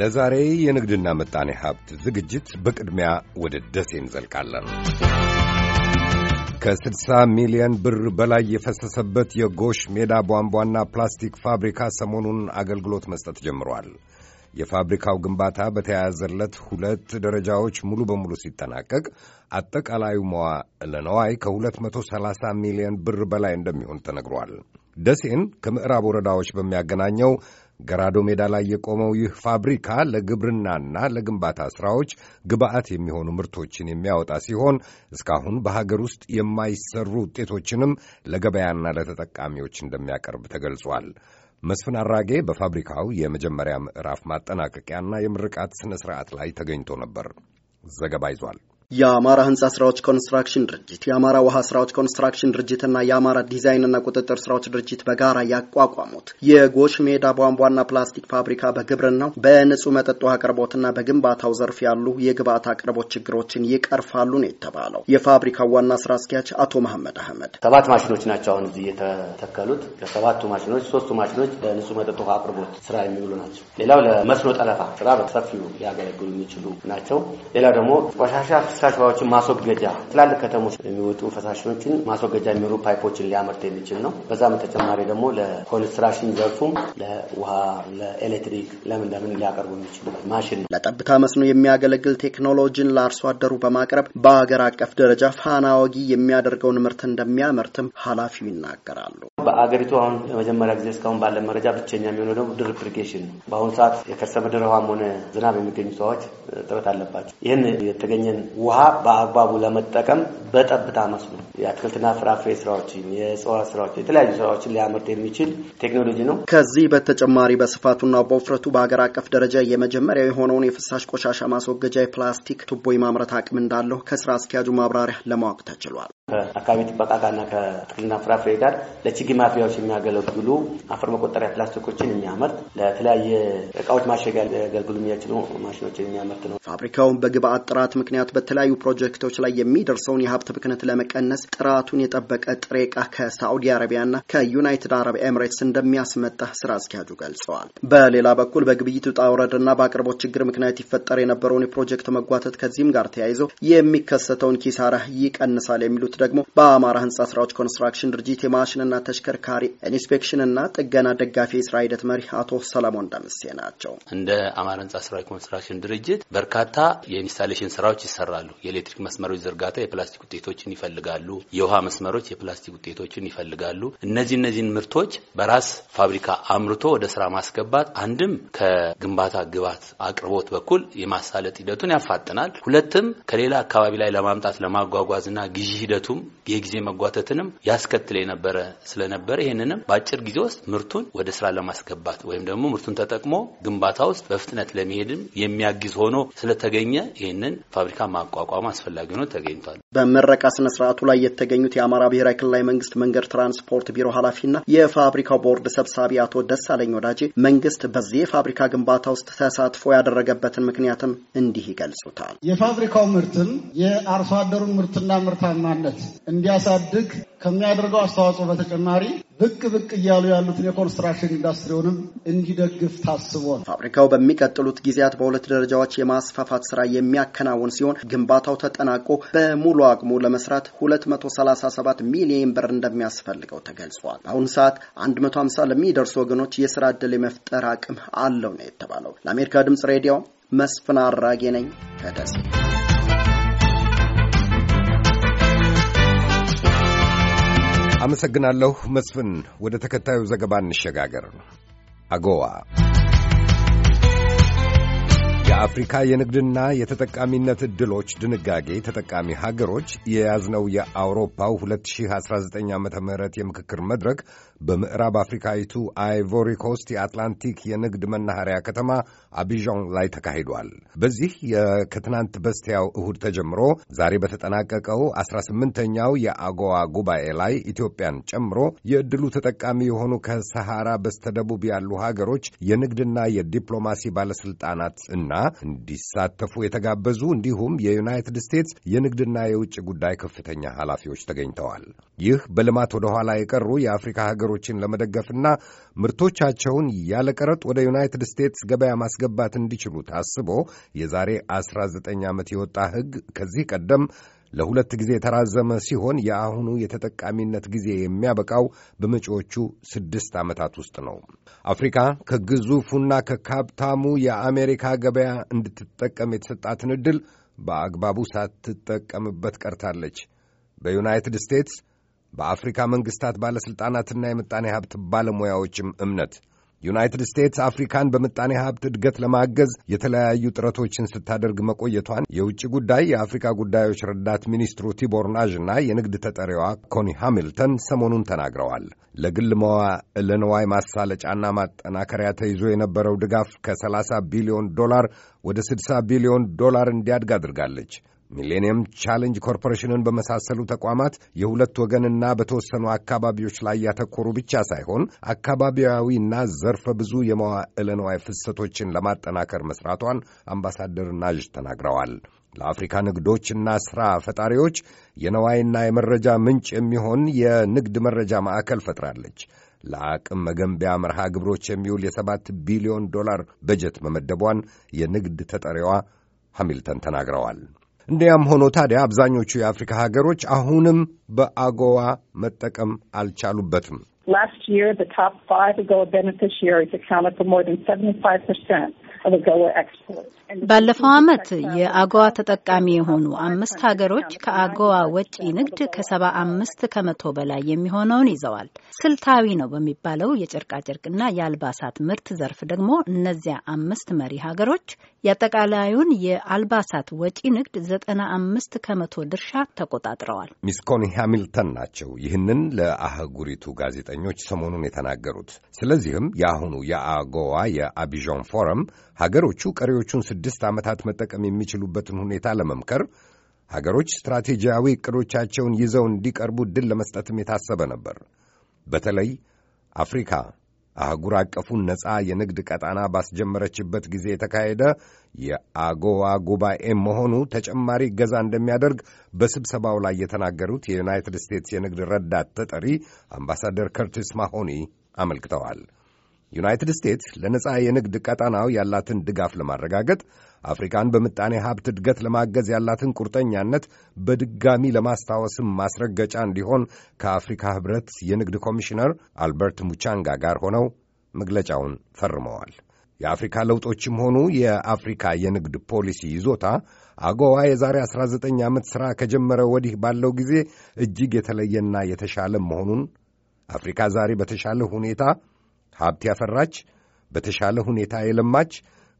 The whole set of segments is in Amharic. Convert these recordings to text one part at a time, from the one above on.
ለዛሬ የንግድና ምጣኔ ሀብት ዝግጅት በቅድሚያ ወደ ደሴ እንዘልቃለን። ከ60 ሚሊዮን ብር በላይ የፈሰሰበት የጎሽ ሜዳ ቧንቧና ፕላስቲክ ፋብሪካ ሰሞኑን አገልግሎት መስጠት ጀምሯል። የፋብሪካው ግንባታ በተያያዘለት ሁለት ደረጃዎች ሙሉ በሙሉ ሲጠናቀቅ አጠቃላዩ መዋዕለ ነዋይ ከ230 ሚሊዮን ብር በላይ እንደሚሆን ተነግሯል። ደሴን ከምዕራብ ወረዳዎች በሚያገናኘው ገራዶ ሜዳ ላይ የቆመው ይህ ፋብሪካ ለግብርናና ለግንባታ ሥራዎች ግብአት የሚሆኑ ምርቶችን የሚያወጣ ሲሆን እስካሁን በሀገር ውስጥ የማይሰሩ ውጤቶችንም ለገበያና ለተጠቃሚዎች እንደሚያቀርብ ተገልጿል። መስፍን አራጌ በፋብሪካው የመጀመሪያ ምዕራፍ ማጠናቀቂያና የምርቃት ሥነ ሥርዓት ላይ ተገኝቶ ነበር። ዘገባ ይዟል። የአማራ ህንፃ ስራዎች ኮንስትራክሽን ድርጅት የአማራ ውሃ ስራዎች ኮንስትራክሽን ድርጅትና የአማራ ዲዛይንና ቁጥጥር ስራዎች ድርጅት በጋራ ያቋቋሙት የጎሽ ሜዳ ቧንቧና ፕላስቲክ ፋብሪካ በግብርናው በንጹህ መጠጥ ውሃ አቅርቦትና በግንባታው ዘርፍ ያሉ የግብአት አቅርቦት ችግሮችን ይቀርፋሉ ነው የተባለው። የፋብሪካው ዋና ስራ አስኪያጅ አቶ መሐመድ አህመድ ሰባት ማሽኖች ናቸው አሁን እዚህ የተተከሉት። ከሰባቱ ማሽኖች ሶስቱ ማሽኖች ለንጹህ መጠጥ ውሃ አቅርቦት ስራ የሚውሉ ናቸው። ሌላው ለመስኖ ጠለፋ ስራ በሰፊው ሊያገለግሉ የሚችሉ ናቸው። ሌላው ደግሞ ቆሻሻ የፍሳሽ ውሃዎችን ማስወገጃ ትላልቅ ከተሞች የሚወጡ ፈሳሾችን ማስወገጃ የሚሆኑ ፓይፖችን ሊያመርት የሚችል ነው። በዛም በተጨማሪ ደግሞ ለኮንስትራክሽን ዘርፉም ለውሃ፣ ለኤሌክትሪክ ለምን ለምን ሊያቀርቡ የሚችሉ ማሽን ነው። ለጠብታ መስኖ የሚያገለግል ቴክኖሎጂን ለአርሶ አደሩ በማቅረብ በሀገር አቀፍ ደረጃ ፋና ወጊ የሚያደርገውን ምርት እንደሚያመርትም ኃላፊው ይናገራሉ። በአገሪቱ አሁን ለመጀመሪያ ጊዜ እስካሁን ባለ መረጃ ብቸኛ የሚሆነው ደግሞ ድሪፕ ኢሪጌሽን ነው። በአሁኑ ሰዓት የከርሰ ምድር ውሃም ሆነ ዝናብ የሚገኙ ሰዎች እጥረት አለባቸው። ይህን የተገኘን ውሃ በአግባቡ ለመጠቀም በጠብታ መስኖ የአትክልትና ፍራፍሬ ስራዎችን፣ የእጽዋት ስራዎችን፣ የተለያዩ ስራዎችን ሊያመርት የሚችል ቴክኖሎጂ ነው። ከዚህ በተጨማሪ በስፋቱና በውፍረቱ በሀገር አቀፍ ደረጃ የመጀመሪያ የሆነውን የፍሳሽ ቆሻሻ ማስወገጃ የፕላስቲክ ቱቦ የማምረት አቅም እንዳለው ከስራ አስኪያጁ ማብራሪያ ለማወቅ ተችሏል። ከአካባቢ ጥበቃ ጋርና ከአትክልትና ፍራፍሬ ጋር ለችግኝ ማፍያዎች የሚያገለግሉ አፈር መቆጠሪያ ፕላስቲኮችን የሚያመርት ለተለያየ እቃዎች ማሸጊያ ሊያገለግሉ የሚያችሉ ማሽኖችን የሚያመርት ነው። ፋብሪካውን በግብአት ጥራት ምክንያት በተለያዩ ፕሮጀክቶች ላይ የሚደርሰውን የሀብት ብክነት ለመቀነስ ጥራቱን የጠበቀ ጥሬ እቃ ከሳዑዲ አረቢያና ከዩናይትድ አረብ ኤምሬትስ እንደሚያስመጣ ስራ አስኪያጁ ገልጸዋል። በሌላ በኩል በግብይት ውጣ ውረድና በአቅርቦት ችግር ምክንያት ይፈጠር የነበረውን የፕሮጀክት መጓተት ከዚህም ጋር ተያይዞ የሚከሰተውን ኪሳራ ይቀንሳል የሚሉት ደግሞ በአማራ ህንፃ ስራዎች ኮንስትራክሽን ድርጅት የማሽንና ተሽከርካሪ ኢንስፔክሽንና ጥገና ደጋፊ የስራ ሂደት መሪ አቶ ሰለሞን ደምሴ ናቸው። እንደ አማራ ህንፃ ስራዎች ኮንስትራክሽን ድርጅት በርካታ የኢንስታሌሽን ስራዎች ይሰራሉ። የኤሌክትሪክ መስመሮች ዝርጋታ የፕላስቲክ ውጤቶችን ይፈልጋሉ። የውሃ መስመሮች የፕላስቲክ ውጤቶችን ይፈልጋሉ። እነዚህ እነዚህን ምርቶች በራስ ፋብሪካ አምርቶ ወደ ስራ ማስገባት አንድም ከግንባታ ግብዓት አቅርቦት በኩል የማሳለጥ ሂደቱን ያፋጥናል። ሁለትም ከሌላ አካባቢ ላይ ለማምጣት ለማጓጓዝና ግዢ ሂደቱ أنتم የጊዜ መጓተትንም ያስከትል የነበረ ስለነበረ ይህንንም በአጭር ጊዜ ውስጥ ምርቱን ወደ ስራ ለማስገባት ወይም ደግሞ ምርቱን ተጠቅሞ ግንባታ ውስጥ በፍጥነት ለመሄድም የሚያግዝ ሆኖ ስለተገኘ ይህንን ፋብሪካ ማቋቋም አስፈላጊ ሆኖ ተገኝቷል። በምረቃ ስነ ስርዓቱ ላይ የተገኙት የአማራ ብሔራዊ ክልላዊ መንግስት መንገድ ትራንስፖርት ቢሮ ኃላፊና የፋብሪካው ቦርድ ሰብሳቢ አቶ ደሳለኝ ወዳጅ መንግስት በዚህ የፋብሪካ ግንባታ ውስጥ ተሳትፎ ያደረገበትን ምክንያትም እንዲህ ይገልጹታል። የፋብሪካው ምርትን የአርሶ አደሩን ምርትና ምርታማነት እንዲያሳድግ ከሚያደርገው አስተዋጽኦ በተጨማሪ ብቅ ብቅ እያሉ ያሉትን የኮንስትራክሽን ኢንዱስትሪውንም እንዲደግፍ ታስቦ ነው። ፋብሪካው በሚቀጥሉት ጊዜያት በሁለት ደረጃዎች የማስፋፋት ስራ የሚያከናውን ሲሆን ግንባታው ተጠናቆ በሙሉ አቅሙ ለመስራት 237 ሚሊዮን ብር እንደሚያስፈልገው ተገልጿል። በአሁኑ ሰዓት 150 ለሚደርሱ ወገኖች የስራ ዕድል የመፍጠር አቅም አለው ነው የተባለው። ለአሜሪካ ድምጽ ሬዲዮ መስፍን አራጌ ነኝ ከደሴ አመሰግናለሁ መስፍን። ወደ ተከታዩ ዘገባ እንሸጋገር። አጎዋ የአፍሪካ የንግድና የተጠቃሚነት ዕድሎች ድንጋጌ ተጠቃሚ ሀገሮች የያዝነው የአውሮፓው 2019 ዓ ም የምክክር መድረክ በምዕራብ አፍሪካዊቱ አይቮሪ ኮስት የአትላንቲክ የንግድ መናኸሪያ ከተማ አቢዣን ላይ ተካሂዷል። በዚህ ከትናንት በስቲያው እሁድ ተጀምሮ ዛሬ በተጠናቀቀው 18ኛው የአጎዋ ጉባኤ ላይ ኢትዮጵያን ጨምሮ የዕድሉ ተጠቃሚ የሆኑ ከሰሃራ በስተደቡብ ያሉ ሀገሮች የንግድና የዲፕሎማሲ ባለስልጣናት እና እንዲሳተፉ የተጋበዙ እንዲሁም የዩናይትድ ስቴትስ የንግድና የውጭ ጉዳይ ከፍተኛ ኃላፊዎች ተገኝተዋል። ይህ በልማት ወደኋላ የቀሩ የአፍሪካ ሀገሮች ሀገሮችን ለመደገፍና ምርቶቻቸውን ያለ ቀረጥ ወደ ዩናይትድ ስቴትስ ገበያ ማስገባት እንዲችሉ ታስቦ የዛሬ 19 ዓመት የወጣ ሕግ ከዚህ ቀደም ለሁለት ጊዜ የተራዘመ ሲሆን የአሁኑ የተጠቃሚነት ጊዜ የሚያበቃው በመጪዎቹ ስድስት ዓመታት ውስጥ ነው። አፍሪካ ከግዙፉና ከካብታሙ የአሜሪካ ገበያ እንድትጠቀም የተሰጣትን ዕድል በአግባቡ ሳትጠቀምበት ቀርታለች። በዩናይትድ ስቴትስ በአፍሪካ መንግሥታት ባለሥልጣናትና የምጣኔ ሀብት ባለሙያዎችም እምነት ዩናይትድ ስቴትስ አፍሪካን በምጣኔ ሀብት እድገት ለማገዝ የተለያዩ ጥረቶችን ስታደርግ መቆየቷን የውጭ ጉዳይ የአፍሪካ ጉዳዮች ረዳት ሚኒስትሩ ቲቦር ናዥ እና የንግድ ተጠሪዋ ኮኒ ሃሚልተን ሰሞኑን ተናግረዋል። ለግል መዋዕለ ንዋይ ማሳለጫና ማጠናከሪያ ተይዞ የነበረው ድጋፍ ከ30 ቢሊዮን ዶላር ወደ 60 ቢሊዮን ዶላር እንዲያድግ አድርጋለች። ሚሌኒየም ቻሌንጅ ኮርፖሬሽንን በመሳሰሉ ተቋማት የሁለት ወገንና በተወሰኑ አካባቢዎች ላይ ያተኮሩ ብቻ ሳይሆን አካባቢያዊና ዘርፈ ብዙ የመዋዕለ ንዋይ ፍሰቶችን ለማጠናከር መስራቷን አምባሳደር ናዥ ተናግረዋል። ለአፍሪካ ንግዶችና ሥራ ፈጣሪዎች የነዋይና የመረጃ ምንጭ የሚሆን የንግድ መረጃ ማዕከል ፈጥራለች። ለአቅም መገንቢያ መርሃ ግብሮች የሚውል የሰባት ቢሊዮን ዶላር በጀት መመደቧን የንግድ ተጠሪዋ ሐሚልተን ተናግረዋል። እንዲያም ሆኖ ታዲያ አብዛኞቹ የአፍሪካ ሀገሮች አሁንም በአጎዋ መጠቀም አልቻሉበትም። ባለፈው ዓመት የአጎዋ ተጠቃሚ የሆኑ አምስት ሀገሮች ከአጎዋ ወጪ ንግድ ከሰባ አምስት ከመቶ በላይ የሚሆነውን ይዘዋል። ስልታዊ ነው በሚባለው የጨርቃጨርቅና የአልባሳት ምርት ዘርፍ ደግሞ እነዚያ አምስት መሪ ሀገሮች የአጠቃላዩን የአልባሳት ወጪ ንግድ ዘጠና አምስት ከመቶ ድርሻ ተቆጣጥረዋል። ሚስ ኮኒ ሃሚልተን ናቸው ይህንን ለአህጉሪቱ ጋዜጠኞች ሰሞኑን የተናገሩት። ስለዚህም የአሁኑ የአጎዋ የአቢዣን ፎረም ሀገሮቹ ቀሪዎቹን ስድስት ዓመታት መጠቀም የሚችሉበትን ሁኔታ ለመምከር ሀገሮች ስትራቴጂያዊ እቅዶቻቸውን ይዘው እንዲቀርቡ ድል ለመስጠትም የታሰበ ነበር። በተለይ አፍሪካ አህጉር አቀፉን ነፃ የንግድ ቀጣና ባስጀመረችበት ጊዜ የተካሄደ የአጎዋ ጉባኤ መሆኑ ተጨማሪ ገዛ እንደሚያደርግ በስብሰባው ላይ የተናገሩት የዩናይትድ ስቴትስ የንግድ ረዳት ተጠሪ አምባሳደር ከርቲስ ማሆኒ አመልክተዋል። ዩናይትድ ስቴትስ ለነጻ የንግድ ቀጠናው ያላትን ድጋፍ ለማረጋገጥ አፍሪካን በምጣኔ ሀብት እድገት ለማገዝ ያላትን ቁርጠኛነት በድጋሚ ለማስታወስም ማስረገጫ እንዲሆን ከአፍሪካ ህብረት የንግድ ኮሚሽነር አልበርት ሙቻንጋ ጋር ሆነው መግለጫውን ፈርመዋል። የአፍሪካ ለውጦችም ሆኑ የአፍሪካ የንግድ ፖሊሲ ይዞታ አጎዋ የዛሬ 19 ዓመት ሥራ ከጀመረ ወዲህ ባለው ጊዜ እጅግ የተለየና የተሻለ መሆኑን አፍሪካ ዛሬ በተሻለ ሁኔታ ሀብት ያፈራች፣ በተሻለ ሁኔታ የለማች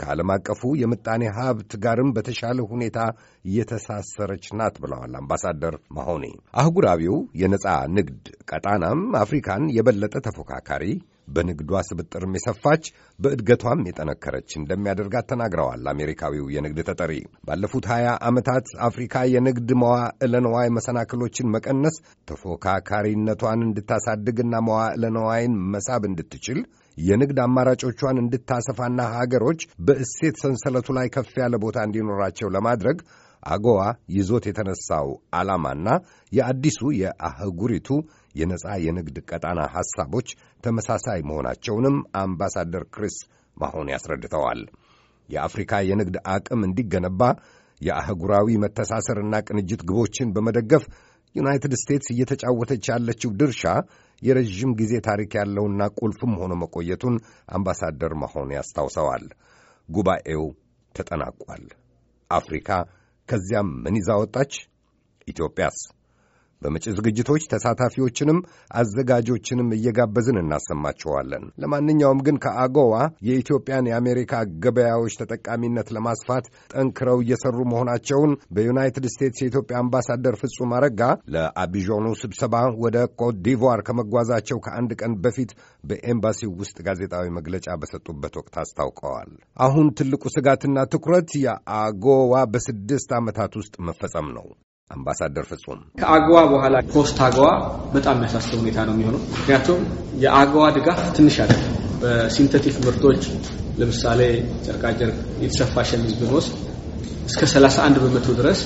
ከዓለም አቀፉ የምጣኔ ሀብት ጋርም በተሻለ ሁኔታ እየተሳሰረች ናት ብለዋል አምባሳደር ማሆኔ አህጉራዊው የነፃ ንግድ ቀጣናም አፍሪካን የበለጠ ተፎካካሪ፣ በንግዷ ስብጥርም የሰፋች በእድገቷም የጠነከረች እንደሚያደርጋት ተናግረዋል። አሜሪካዊው የንግድ ተጠሪ ባለፉት ሀያ ዓመታት አፍሪካ የንግድ መዋዕለ ነዋይ መሰናክሎችን መቀነስ፣ ተፎካካሪነቷን እንድታሳድግና መዋዕለ ነዋይን መሳብ እንድትችል የንግድ አማራጮቿን እንድታሰፋና ሀገሮች በእሴት ሰንሰለቱ ላይ ከፍ ያለ ቦታ እንዲኖራቸው ለማድረግ አጎዋ ይዞት የተነሳው ዓላማና የአዲሱ የአህጉሪቱ የነፃ የንግድ ቀጣና ሐሳቦች ተመሳሳይ መሆናቸውንም አምባሳደር ክሪስ ማሆን ያስረድተዋል። የአፍሪካ የንግድ አቅም እንዲገነባ የአህጉራዊ መተሳሰርና ቅንጅት ግቦችን በመደገፍ ዩናይትድ ስቴትስ እየተጫወተች ያለችው ድርሻ የረዥም ጊዜ ታሪክ ያለውና ቁልፍም ሆኖ መቆየቱን አምባሳደር መሆን ያስታውሰዋል። ጉባኤው ተጠናቋል። አፍሪካ ከዚያም ምን ይዛ ወጣች? ኢትዮጵያስ? በመጪ ዝግጅቶች ተሳታፊዎችንም አዘጋጆችንም እየጋበዝን እናሰማችኋለን። ለማንኛውም ግን ከአጎዋ የኢትዮጵያን የአሜሪካ ገበያዎች ተጠቃሚነት ለማስፋት ጠንክረው እየሰሩ መሆናቸውን በዩናይትድ ስቴትስ የኢትዮጵያ አምባሳደር ፍጹም አረጋ ለአቢዦኑ ስብሰባ ወደ ኮት ዲቯር ከመጓዛቸው ከአንድ ቀን በፊት በኤምባሲው ውስጥ ጋዜጣዊ መግለጫ በሰጡበት ወቅት አስታውቀዋል። አሁን ትልቁ ስጋትና ትኩረት የአጎዋ በስድስት ዓመታት ውስጥ መፈጸም ነው። አምባሳደር ፍጹም ከአገዋ በኋላ ፖስት አገዋ በጣም የሚያሳስብ ሁኔታ ነው የሚሆነው። ምክንያቱም የአገዋ ድጋፍ ትንሽ አለ። በሲንተቲክ ምርቶች ለምሳሌ ጨርቃጨርቅ፣ የተሰፋ ሸሚዝ ብንወስድ እስከ 31 በመቶ ድረስ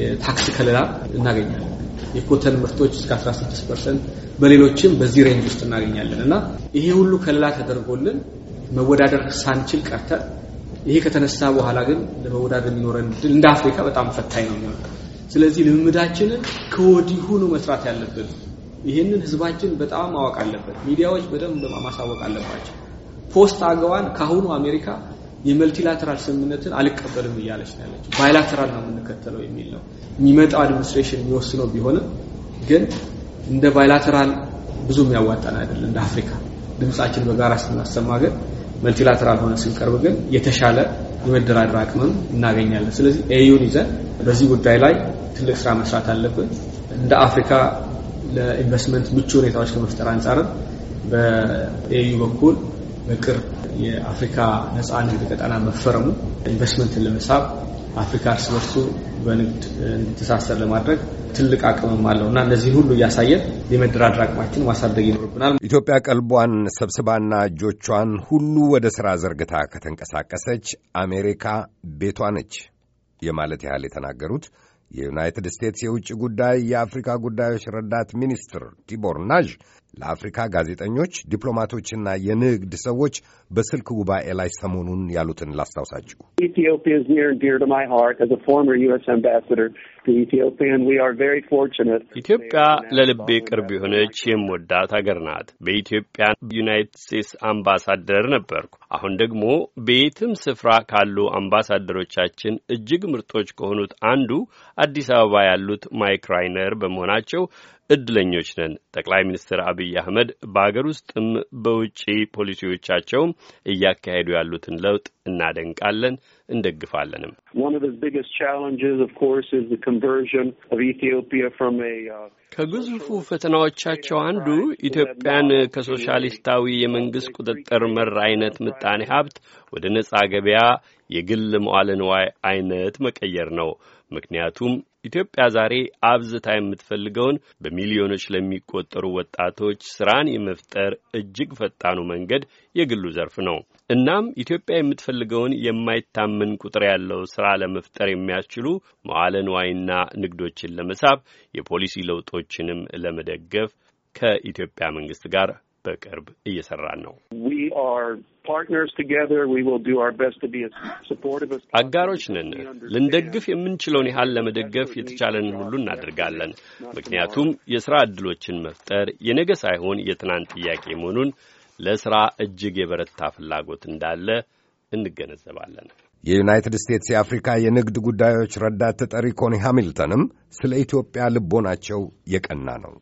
የታክስ ከለላ እናገኛለን። የኮተን ምርቶች እስከ 16 ፐርሰንት፣ በሌሎችም በዚህ ሬንጅ ውስጥ እናገኛለን እና ይሄ ሁሉ ከለላ ተደርጎልን መወዳደር ሳንችል ቀርተን ይሄ ከተነሳ በኋላ ግን ለመወዳደር የሚኖረን ድል እንደ አፍሪካ በጣም ፈታኝ ነው የሚሆነው። ስለዚህ ልምምዳችንን ከወዲሁ ነው መስራት ያለብን። ይህንን ህዝባችን በጣም ማወቅ አለበት። ሚዲያዎች በደንብ ማሳወቅ አለባቸው። ፖስት አገዋን ከአሁኑ አሜሪካ የመልቲላተራል ስምምነትን አልቀበልም እያለች ነው ያለችው። ባይላተራል ነው የምንከተለው የሚል ነው የሚመጣው አድሚኒስትሬሽን የሚወስነው ቢሆንም ግን እንደ ባይላተራል ብዙ የሚያዋጣን አይደለም። እንደ አፍሪካ ድምጻችን በጋራ ስናሰማ ግን መልቲላተራል ሆነ ስንቀርብ ግን የተሻለ የመደራደር አቅምም እናገኛለን። ስለዚህ ኤዩን ይዘን በዚህ ጉዳይ ላይ ትልቅ ስራ መስራት አለብን። እንደ አፍሪካ ለኢንቨስትመንት ምቹ ሁኔታዎች ከመፍጠር አንጻርም በኤዩ በኩል በቅርብ የአፍሪካ ነፃ ንግድ ቀጠና መፈረሙ ኢንቨስትመንትን ለመሳብ አፍሪካ እርስ በርሱ በንግድ እንድተሳሰር ለማድረግ ትልቅ አቅምም አለው እና እነዚህ ሁሉ እያሳየ የመደራደር አቅማችን ማሳደግ ይኖርብናል። ኢትዮጵያ ቀልቧን ሰብስባና እጆቿን ሁሉ ወደ ሥራ ዘርግታ ከተንቀሳቀሰች አሜሪካ ቤቷ ነች የማለት ያህል የተናገሩት የዩናይትድ ስቴትስ የውጭ ጉዳይ የአፍሪካ ጉዳዮች ረዳት ሚኒስትር ቲቦር ናዥ ለአፍሪካ ጋዜጠኞች፣ ዲፕሎማቶችና የንግድ ሰዎች በስልክ ጉባኤ ላይ ሰሞኑን ያሉትን ላስታውሳችሁ። ኢትዮጵያ ለልቤ ቅርብ የሆነች የምወዳት ሀገር ናት። በኢትዮጵያ ዩናይትድ ስቴትስ አምባሳደር ነበርኩ። አሁን ደግሞ በየትም ስፍራ ካሉ አምባሳደሮቻችን እጅግ ምርጦች ከሆኑት አንዱ አዲስ አበባ ያሉት ማይክ ራይነር በመሆናቸው እድለኞች ነን። ጠቅላይ ሚኒስትር አብይ አህመድ በአገር ውስጥም በውጪ ፖሊሲዎቻቸውም እያካሄዱ ያሉትን ለውጥ እናደንቃለን፣ እንደግፋለንም። uh, ከግዙፉ ፈተናዎቻቸው አንዱ ኢትዮጵያን ከሶሻሊስታዊ የመንግስት ቁጥጥር መር አይነት ምጣኔ ሀብት ወደ ነጻ ገበያ የግል መዋለ ንዋይ አይነት መቀየር ነው። ምክንያቱም ኢትዮጵያ ዛሬ አብዝታ የምትፈልገውን በሚሊዮኖች ለሚቆጠሩ ወጣቶች ስራን የመፍጠር እጅግ ፈጣኑ መንገድ የግሉ ዘርፍ ነው። እናም ኢትዮጵያ የምትፈልገውን የማይታመን ቁጥር ያለው ስራ ለመፍጠር የሚያስችሉ መዋለ ንዋይና ንግዶችን ለመሳብ የፖሊሲ ለውጦችንም ለመደገፍ ከኢትዮጵያ መንግስት ጋር በቅርብ እየሰራን ነው። አጋሮች ነን። ልንደግፍ የምንችለውን ያህል ለመደገፍ የተቻለንን ሁሉ እናደርጋለን። ምክንያቱም የሥራ ዕድሎችን መፍጠር የነገ ሳይሆን የትናንት ጥያቄ መሆኑን ለሥራ እጅግ የበረታ ፍላጎት እንዳለ እንገነዘባለን። የዩናይትድ ስቴትስ የአፍሪካ የንግድ ጉዳዮች ረዳት ተጠሪ ኮኒ ሃሚልተንም ስለ ኢትዮጵያ ልቦናቸው የቀና ነው።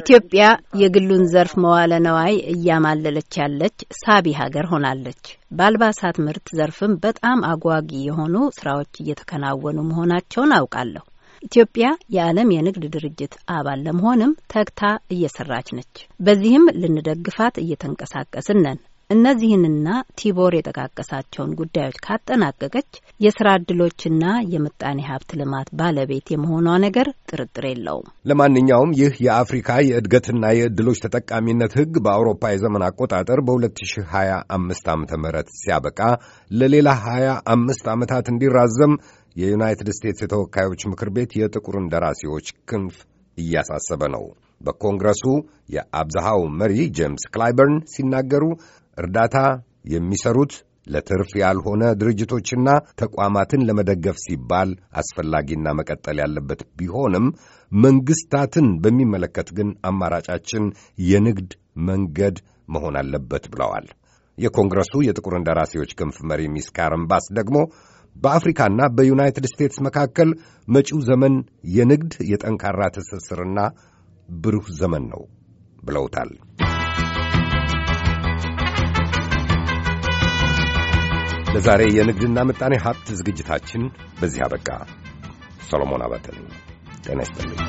ኢትዮጵያ የግሉን ዘርፍ መዋለ ነዋይ እያማለለች ያለች ሳቢ ሀገር ሆናለች። በአልባሳት ምርት ዘርፍም በጣም አጓጊ የሆኑ ስራዎች እየተከናወኑ መሆናቸውን አውቃለሁ። ኢትዮጵያ የዓለም የንግድ ድርጅት አባል ለመሆንም ተግታ እየሰራች ነች። በዚህም ልንደግፋት እየተንቀሳቀስን ነን። እነዚህንና ቲቦር የጠቃቀሳቸውን ጉዳዮች ካጠናቀቀች የስራ እድሎችና የምጣኔ ሀብት ልማት ባለቤት የመሆኗ ነገር ጥርጥር የለውም። ለማንኛውም ይህ የአፍሪካ የእድገትና የእድሎች ተጠቃሚነት ህግ በአውሮፓ የዘመን አቆጣጠር በ2025 ዓ ም ሲያበቃ ለሌላ 25 ዓመታት እንዲራዘም የዩናይትድ ስቴትስ የተወካዮች ምክር ቤት የጥቁር እንደራሴዎች ክንፍ እያሳሰበ ነው። በኮንግረሱ የአብዛሃው መሪ ጄምስ ክላይበርን ሲናገሩ እርዳታ የሚሰሩት ለትርፍ ያልሆነ ድርጅቶችና ተቋማትን ለመደገፍ ሲባል አስፈላጊና መቀጠል ያለበት ቢሆንም መንግስታትን በሚመለከት ግን አማራጫችን የንግድ መንገድ መሆን አለበት ብለዋል። የኮንግረሱ የጥቁር እንደራሴዎች ክንፍ መሪ ሚስ ካረን ባስ ደግሞ በአፍሪካና በዩናይትድ ስቴትስ መካከል መጪው ዘመን የንግድ የጠንካራ ትስስርና ብሩህ ዘመን ነው ብለውታል። ለዛሬ የንግድና ምጣኔ ሀብት ዝግጅታችን በዚህ አበቃ። ሰሎሞን አባተ ነኝ። ጤና ይስጥልኝ።